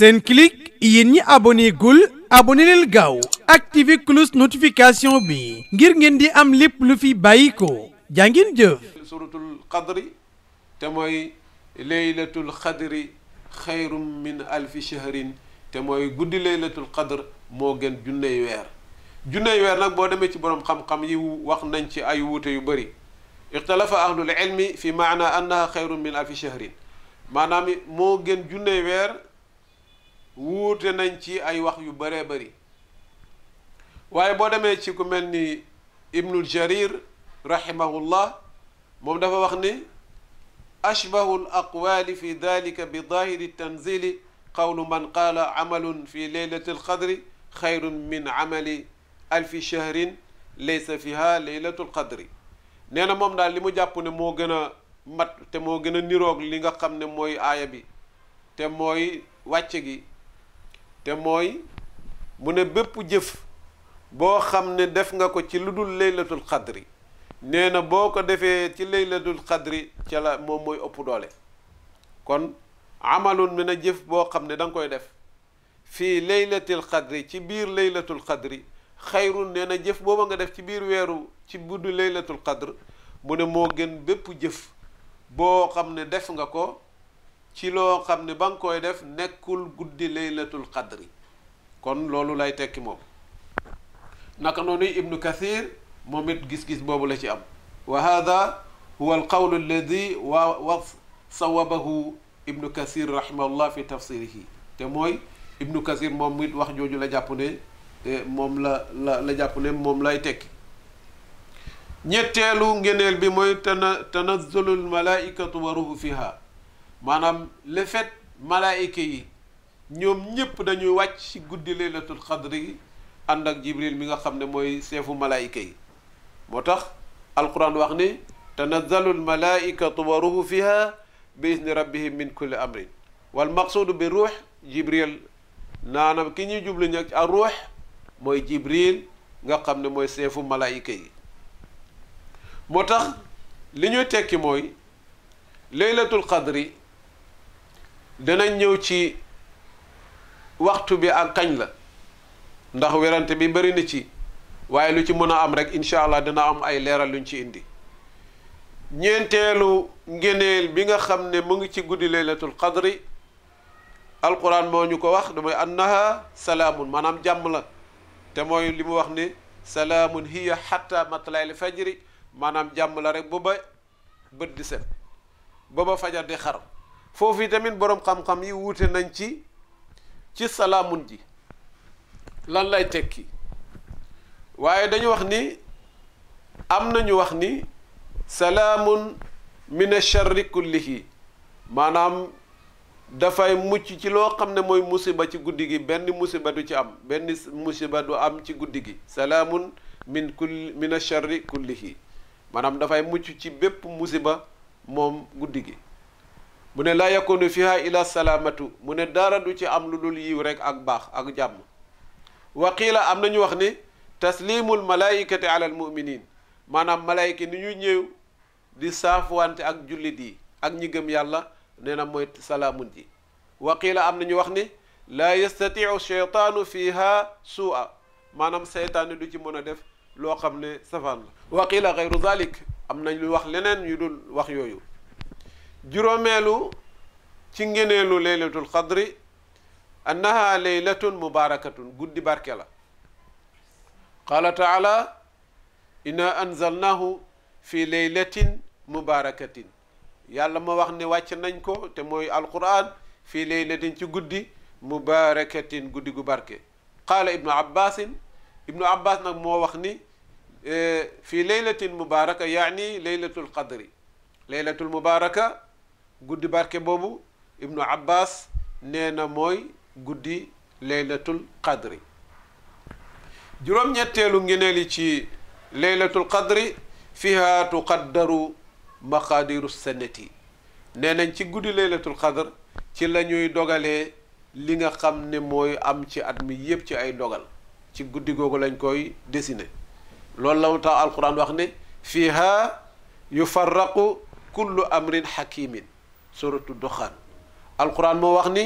Senclic yéen ñi abonné gul abonné leen gaaw activé cloche notification bi ngir ngeen di am lépp lu fi bàyyi ko jàngin jëf suratul qadri te mooy laylatul qadri xayrum min alfi shahrin te mooy guddi laylatul qadr moo gën junney weer junney weer nag boo demee ci boroom xam-xam yi wax nañ ci ay wuute yu bëri ixtalafa ahlul ilmi fi maana annaha xayrum min alfi shahrin maanaam moo gën junney weer wuute nañ ci ay wax yu bëree bëri waaye boo demee ci ku mel ni ibnul jarir rahimahullah moom dafa wax ni ashbahu al aqwali fi dalika bi dahiri tanzili qawlu man qaala amalun fi leylati alqadri xayrun min amali alfi shahrin laysa fiha leylatu alqadri nee na moom daal li mu jàpp ne moo gën a mat te moo gën a niroog li nga xam ne mooy aaya bi te mooy wàcce gi te mooy mu ne bépp jëf boo xam ne def nga ko ci lu dul laylatul xadri nee na boo ko defee ci laylatul xadri ca la moom mooy ëpp doole kon amalun mi na jëf boo xam ne danga koy def fii laylatil xadri ci biir laylatul xadri xayrun nee na jëf boobu nga def ci biir weeru ci buddu laylatul xadr mu ne moo gën bépp jëf boo xam ne def nga ko ci loo xam ne ba nga koy def nekkul guddi laylatul qadri kon loolu lay tekki moom naka noonu ibnu kathir moom it gis-gis boobu la ci am wa hada huwa alqawlu alladi wa wa sawabahu ibnu kathir rahimahullah fi tafsirihi te mooy ibnu kathir moom it wax jooju la jàpp ne eh, moom la la la jàpp ne moom lay tekki ñetteelu ngeneel bi mooy tana tanazzulu almalaikatu wa ruhu fiha maanaam le fait malaayika yi ñoom ñëpp dañuy wàcc ci guddi laylatul xadri ànd ak jibril mi nga xam ne mooy seefu malaayika yi moo tax alquran wax ni tanazzalu almalaikatu wa ruhu fiha bi izni rabbihim min kulli amrin wal maqsuudu bi ruux jibril naanam ki ñuy jublu ñag ak ruux mooy jibril nga xam ne mooy seefu malaayika yi moo tax li ñuy tekki mooy laylatul xadri dina ñëw ci waxtu bi ak kañ la ndax werante bi bari na ci waaye lu ci mën a am rek incha allah dina am ay leeral luñ ci indi ñeenteelu ngëneel bi nga xam ne mu ngi ci guddi laylatul qadri alquran moo ñu ko wax damay annaha salaamun maanaam jàmm la te mooy li mu wax ni salaamun hiya hatta matlayl fajri maanaam jàmm la rek bu bët di set ba fajar di xar foofu tamit boroom xam-xam yi wuute nañ ci ci salaamun ji lan lay tekki waaye dañu wax ni am nañu wax ni salaamun min sharri kullihi maanaam dafay mucc ci loo xam ne mooy musiba ci guddi gi benn musiba du ci am benn musiba du am ci guddi gi salaamun min kulli min sharri maanaam dafay mucc ci bépp musiba moom guddi gi mu ne laa yakunu fiha ila salaamatu mu ne dara du ci am lu dul yiw rek ak baax ak jàmm wa qiila am nañu wax ne taslimul malaayikati ala al muminin maanaam malaayika ni ñu ñëw di saafwante ak jullit yi ak ñi gëm yàlla nee na mooy salaamun ji wa qiila am ñu wax ne laa yastatiu cheytaanu fiha suua maanaam seytaane du ci mën a def loo xam ne safaan la wa qiila dalik am nañ lu wax leneen yu dul wax yooyu juróomeelu ci ngeneelu laylatul qadri annaha laylatun mubarakatun guddi barke la qaala taala inna anzalnahu fi laylatin mubarakatin yàlla ma wax ni wàcc nañ ko te mooy alquran fii laylatin ci guddi mubarakatin guddi gu barke qaala ibnu abbasin ibnu abbas nag moo wax ni eh, fi laylatin mubaraka yaani laylatul qadri laylatul mubaraka guddi barke boobu ibnu abbas nee na mooy guddi laylatul qadri juróom-ñetteelu ngeneel yi ci laylatul qadri fiha tuqaddaru maqadiru sanati nee nañ ci guddi laylatul qadr ci la ñuy dogalee li nga xam ne mooy am ci at mi yépp ci ay dogal ci guddi googu lañ koy dessiner loolu la mu tax alquran wax ne fiha yufarraqu kullu amrin hakimin suratu doxaan alxuraan moo wax ni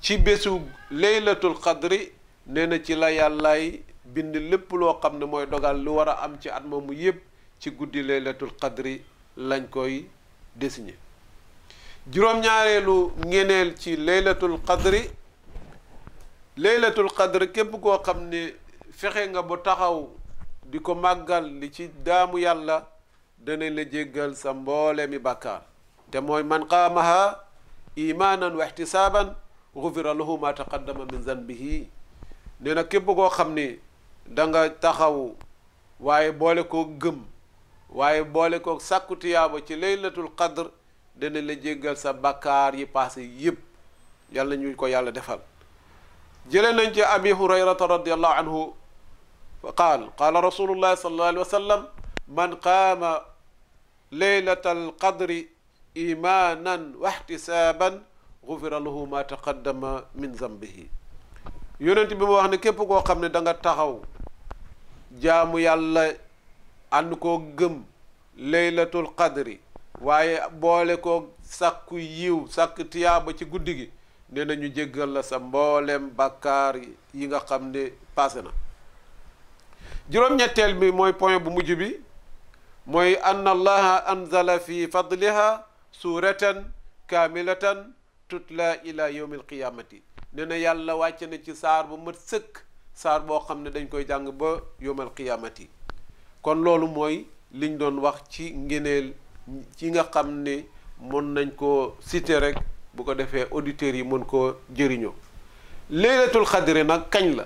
ci bésu laylatul qadri nee na ci la yàllaay bind lépp loo xam ne mooy dogal lu war a am ci at moomu yépp ci guddi laylatul qadri lañ koy désigné juróom-ñaareelu ngeneel ci laylatul qadri laylatul qadri képp koo xam ne fexe nga bu taxaw di ko màggal li ci daamu yàlla danañ la jéggal sa mboole mi bàkkaar te mooy man qaamaha imaanan wa ihtisaaban gufira lahu ma taqaddama min zanbihi nee na képp koo xam ni da nga taxaw waaye boole koo gëm waaye boole koo sàkku tiyaaba ci laylatul qadr dana la jéggal sa bakkaar yi passé yëpp yàlla ñu ko yàlla defal jële nañ ci abi hurayrata radiallahu anhu fa qaal qaala rasulullahi sallallahu alayhi wa man qaama laylatal qadri imanan wahtisaban gufira lahu ma taqaddama min zambihi yonent bi ma wax ne képp koo xam ne da nga taxaw jaamu yàlla ànd ko gëm laylatul qadri waaye boole ko sàkku yiw sàkku tiyaaba ci guddi gi nee na ñu jéggal la sa mbooleem bakkaar yi nga xam ne passé na juróom-ñetteel bi mooy point bu mujj bi mooy anna allaha fi fadliha suuratan kaamilatan tutla ila yawmi alqiyamati ne na yàlla wàcce na ci saar bu mat sëkk saar boo xam ne dañ koy jàng ba yawm alqiyamati kon loolu mooy liñ doon wax ci ngeneel ci nga xam ne mën nañ koo citer rek bu ko defee auditeurs yi mën koo jëriñoo laylatul xadri nag kañ la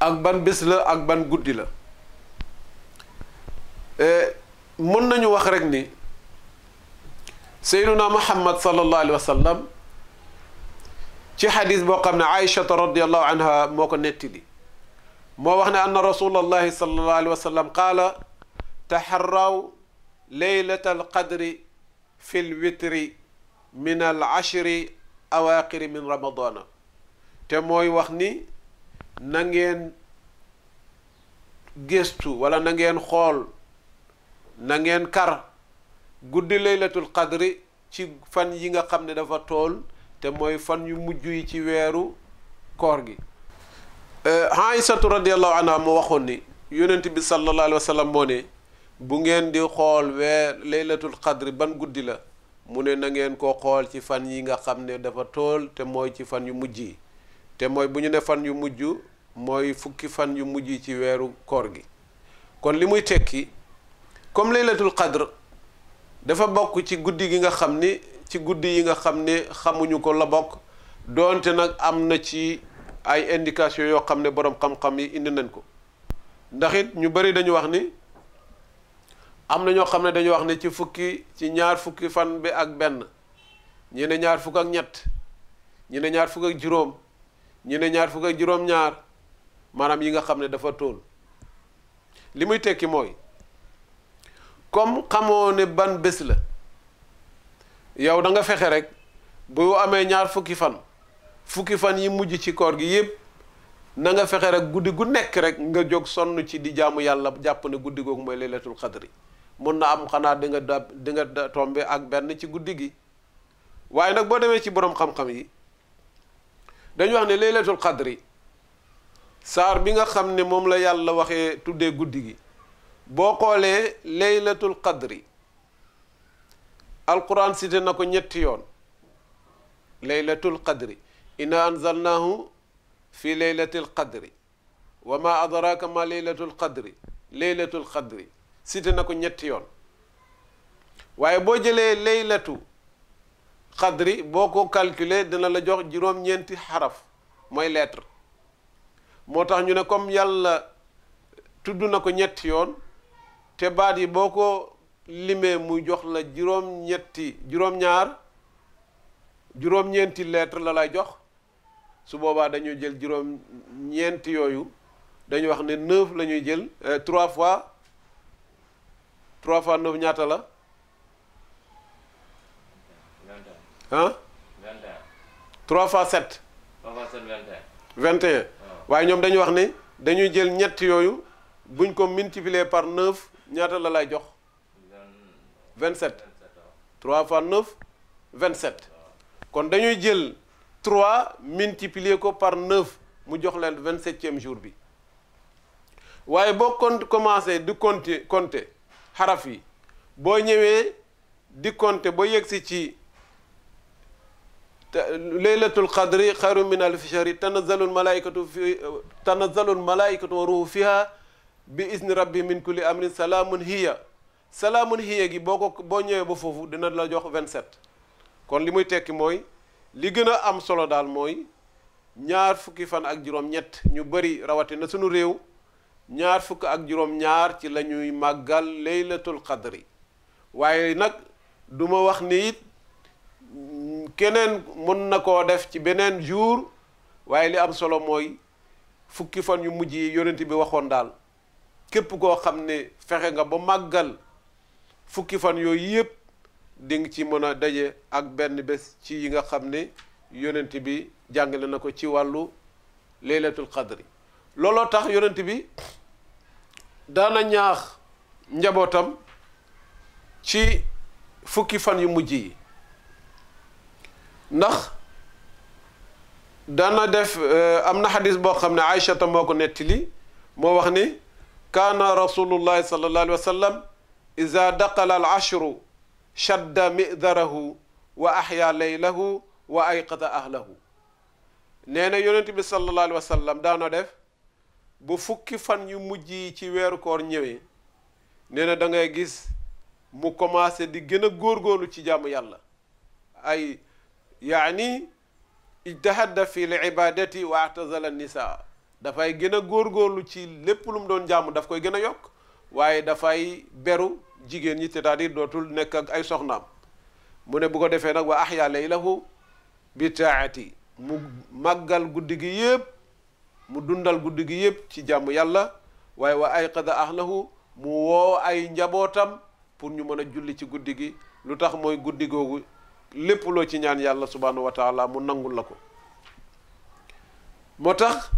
ak ban bés la ak ban guddi la eh, mën nañu wax rek ni seyduna muhammad sallallahu alayhi wa sallam ci xadis boo xam ne aïchata radiallahu anha moo ko nettali moo wax ne anna rasulallahi sallallahu alayhi wa sallam qaala taxarraw leylata alqadri fi lwitri min al ashri awaaqiri min ramadana te mooy wax ni na ngeen gëstu wala na ngeen xool na ngeen kar guddi laylatul qadri ci fan yi nga xam ne dafa tool te mooy fan yu mujj yi ci weeru koor gi euh, Aysatu radiallahu anha mu waxoon ni yonent bi sallallahu alayhi wa bu ngeen di xool weer laylatul qadri ban guddi la mu ne na ngeen ko xool ci fan yi nga xam ne dafa tool te mooy ci fan yu mujj yi te mooy bu ñu ne fan yu mujj mooy fukki fan yu mujj yi ci weeru koor gi kon li muy tekki comme laylatul qadr dafa bokk ci guddi gi nga xam ni ci guddi yi nga xam ne xamuñu ko la bokk doonte nag am na ci ay indication yoo xam ne boroom xam-xam yi indi nañ ko ndax it ñu bëri dañu wax ni am na ñoo xam ne dañu wax ne ci fukki ci ñaar fukki fan bi ak benn ñi ñaar fukk ak ñett ñi ne ñaar fukk ak juróom ñi ne ñaar fukk ak juróom-ñaar maanaam yi nga xam ne dafa tóol li muy tekki mooy comme xamoo ne ban bés la yow danga fexe rek bu amee ñaar fukki fan fukki fan yi mujj ci koor gi yépp na fexe rek guddi gu nekk rek nga jóg sonn ci di jaamu yàlla jàpp ne guddi googu mooy laylatul xadri mun na am xanaa di nga tombe ak benn ci guddi gi waaye nag boo demee ci boroom xam-xam yi dañu wax ne laylatul xadri saar bi nga xam ne moom la yàlla waxee tuddee guddi gi boo xoolee laylatul qadri alquran cité na ko ñetti yoon laylatul qadri inna anzalnahu fi laylatil qadri wa ma adraka ma laylatul qadri laylatul qadri cité na ko ñetti yoon waaye boo jëlee laylatu qadri boo ko calculer dina la jox juróom-ñeenti xaraf mooy lettre moo tax ñu ne comme yàlla tudd na ko ñetti yoon te baat yi boo ko limee muy jox la juróom-ñetti juróom-ñaar juróom-ñeenti lettre la lay jox su boobaa dañuy jël juróom-ñeenti yooyu dañuy wax ne neuf la ñuy jël euh, trois fois trois fois neuf ñaata la ah trois fois sept vingt et un ah. waaye ñoom dañuy wax ne dañuy jël ñett yooyu buñ ko multiplier par neuf ñaata la lay jox. 27 3 fois 9 27 kon dañuy jël 3 multiplier ko par mu jox leen 27e jour bi waaye boo kon di compter compter xaraf yi boo ñëwee di compter ba yegsi ci laylatul qadri xayru min alfi shahri tanazalul malaikatu fi tanazalul malaikatu wa ruhu fiha bi isni rabbi min kulli amrin salaamun hiya salaamun hiya gi boo ko boo ñëwee ba foofu dina la jox 27 kon li muy tekki mooy li gën a am solo daal mooy ñaar fukki fan ak juróom-ñett ñu bari rawatina sunu réew ñaar fukk ak juróom-ñaar ci la ñuy màggal laylatul qadri waaye nag duma wax ni it keneen mën na ko def ci beneen jour waaye li am solo mooy fukki fan yu mujj yi yonent bi waxoon daal képp koo xam ne fexe nga ba màggal fukki fan yooyu yëpp di ci mën a daje ak benn bés ci yi nga xam ne yonent bi jàngale na ko ci wàllu laylatul qadri looloo tax yonent bi daana ñaax njabootam ci fukki fan yu mujj yi ndax daana def euh, am na xadis boo xam ne Aïchata moo ko li moo wax ni kaana rasulullahi sallallahu alayhi wa sallam ida daqala al ashru shadda midarahu wa ahya laylahu wa ayqada ahlahu nee na yonent bi sallallahu daana def bu fukki fan yu mujj yi ci weeru koor ñëwee nee na da gis mu commencé di gën a góorlu ci jàmm yàlla ay yaani ijtahada fi l ibadati wa atazala nisaa dafay gën a góorgóorlu ci lépp lu mu doon jàmm daf koy gën a yokk waaye dafay beru jigéen ñi c'est-à-dire dootul nekk ak ay soxnaam mu ne bu ko defee nag wa ahya laylahu bi taati mu màggal guddi gi yépp mu dundal guddi gi yépp ci jàmm yàlla waaye wa ayqada ahlahu mu woo ay njabootam pour ñu mën a julli ci guddi gi lu tax mooy guddi googu lépp loo ci ñaan yàlla subhanahu wa taala mu nangul la ko moo tax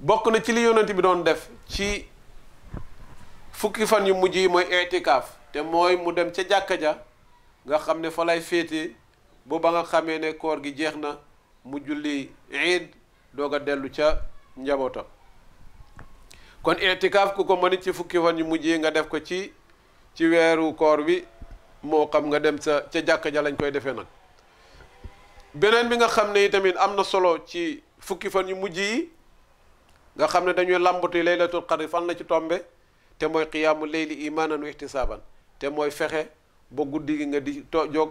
bokk na ci li yonent bi doon def ci fukki fan yu mujj yi mooy itikaaf te mooy mu dem ca jàkka ja nga xam ne fa lay féete ba ba nga xamee ne koor gi jeex na mu julli iid doog a dellu ca njabootam kon itikaaf ku ko mën ci fukki fan yu mujj yi nga def ko ci ci weeru koor bi moo xam nga dem sa ca jàkka ja lañ koy defee nag beneen bi nga xam ne itamit am na solo ci fukki fan yu mujj yi nga xam ne dañuy làmbatu laylatul qadri fan la ci tombe te mooy qiyaamu layli imaanan wa ihtisaaban te mooy fexe ba guddi gi nga di to jóg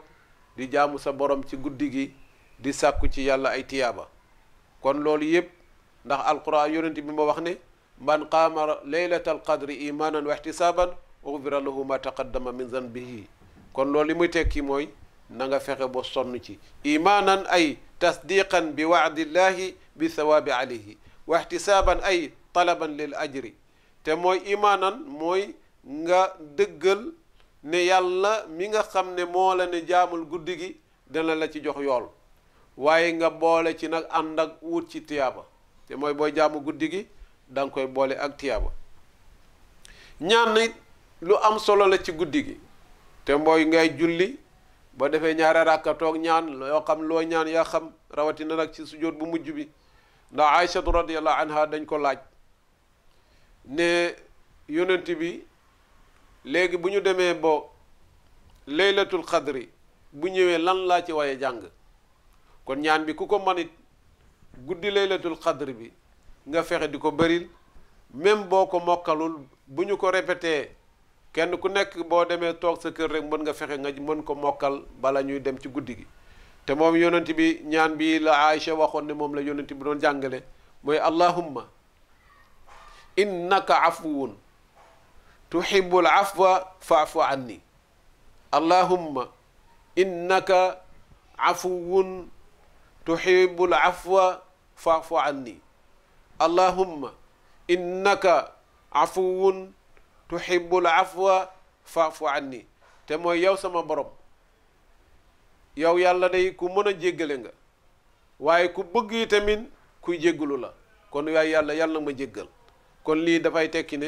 di jaamu sa borom ci guddi gi di sàkku ci yàlla ay tiyaaba kon loolu yëpp ndax alquran yonent bi ma wax ne man qaama laylatal qadri imaanan wa ihtisaaban ughfira lahu ma taqaddama min zanbihi kon loolu li muy tekki mooy na nga fexe ba sonn ci imaanan ay tasdiqan bi waadillahi bi sawaabi alayhi wa saaban ay talaban lil ajri te mooy imaanan mooy nga dëggal ne yàlla mi nga xam ne moo la ne jaamul guddi gi dana la ci jox yool waaye nga boole ci nag ànd ak wut ci tiyaaba te mooy booy jaamu guddi gi da koy boole ak tiyaaba ñaan it lu am solo la ci guddi gi te mooy ngay julli ba defee ñaari ràkka toog ñaan loo xam loo ñaan yaa xam rawatina nag ci sujjóot bu mujj bi ndax aïchatu radiallahu anha dañ ko laaj ne yonent bi léegi bu ñu demee boo laylatul xadri bu ñëwee lan laa ci waaye jàng kon ñaan bi ku ko manit guddi laylatul xadri bi nga fexe di ko bëril même boo ko mokkalul bu ñu ko répété kenn ku nekk boo demee toog sa kër rek mën nga fexe nga mën ko mokkal bala ñuy dem ci guddi gi te moom yonent bi ñaan bi la Aïcha waxoon ne moom la yonent bi doon jàngale mooy allahumma innaka afuwun tuhibbul afwa fa'fu anni allahumma innaka afuwun tuhibbul afwa fa'fu anni allahumma innaka afuwun tuhibbul afwa fa'fu anni te mooy yow sama borom yow yàlla day ku mën a jéggale nga waaye ku bëgg yi tamit kuy jéggalu la kon waaye yàlla yàlla ma jéggal kon lii dafay tekki ne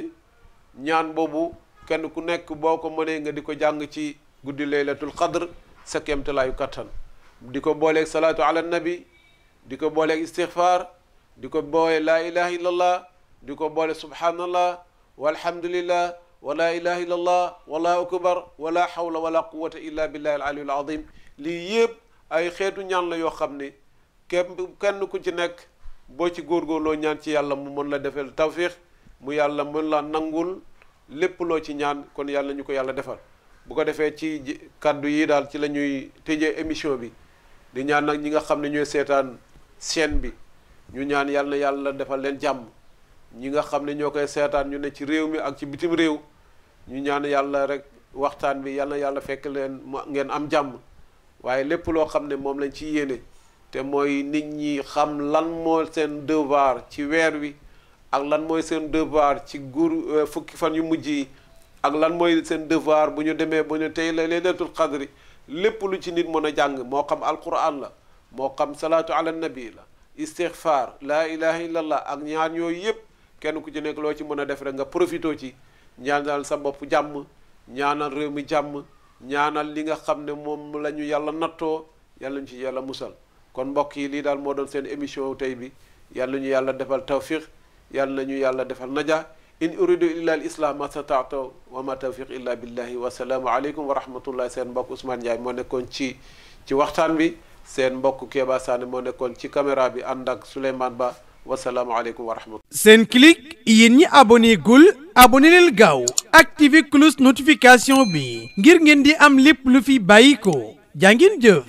ñaan boobu kenn ku nekk boo ko mënee nga di ko jàng ci guddi laylatul qadr sa kemtalaayu kattan di ko booleeg salaatu ala nabi di ko booleeg istixfaar di ko boole laa ilaha illallah di ko boole subhanallah walhamdulillah wala ilaha illa allah wallahu akbar wala hawla wala quwata illa billahi aliyul azim lii yëpp ay xeetu ñaan la yoo xam ne kenn kenn ku ci nekk boo ci góorgóorloo ñaan ci yàlla mu mën la defal tawfiq mu yàlla mën la nangul lépp loo ci ñaan kon yàlla ñu ko yàlla defal bu ko defee ci kàddu yi daal ci la ñuy tëjee émission bi di ñaan nag ñi nga xam ne ñooy seetaan seen bi ñu ñaan yàlla na yàlla defal leen jàmm ñi nga xam ne ñoo koy seetaan ñu ne ci réew mi ak ci bitim réew ñu ñaan yàlla rek waxtaan bi yàlla yàlla fekk leen ngeen am jàmm waaye lépp loo xam ne moom lañ ci yéene te mooy nit ñi xam lan moo seen devoir ci weer wi ak lan mooy seen devoir ci guur euh, fukki fan yu mujj yi ak lan mooy seen devoir bu ñu demee bu ñu tey la laylatul qadri lépp lu ci nit mën a jàng moo xam alquran la moo xam salaatu ala nabi la istighfar laa ilaha illallah ak ñaar yooyu yépp kenn ku ci nekk loo ci mën a def rek nga profitoo ci ñaanal sa bopp jàmm ñaanal réew mi jàmm ñaanal li nga xam ne moom la ñu yàlla nattoo yàlla ñu ci yàlla musal kon mbokk yi lii daal moo doon seen émission tey bi yàlla ñu yàlla defal tawfiq yàlla ñu yàlla defal naja in uridu illa al islam ma stata'tu wa ma tawfiq illa billahi wa salaamu aleykum wa rahmatullahi seen mbokk Ousmane Ndiaye moo nekkoon ci ci waxtaan bi seen mbokk Kéba Sané moo nekkoon ci caméra bi ànd ak Souleymane Ba wasalaamualeykum wa seen clic yéen ñi abonné gul abonné leen gaaw activé cloche notification bi ngir ngeen di am lépp lu fi bàyyi ko jaa ngeen jëf.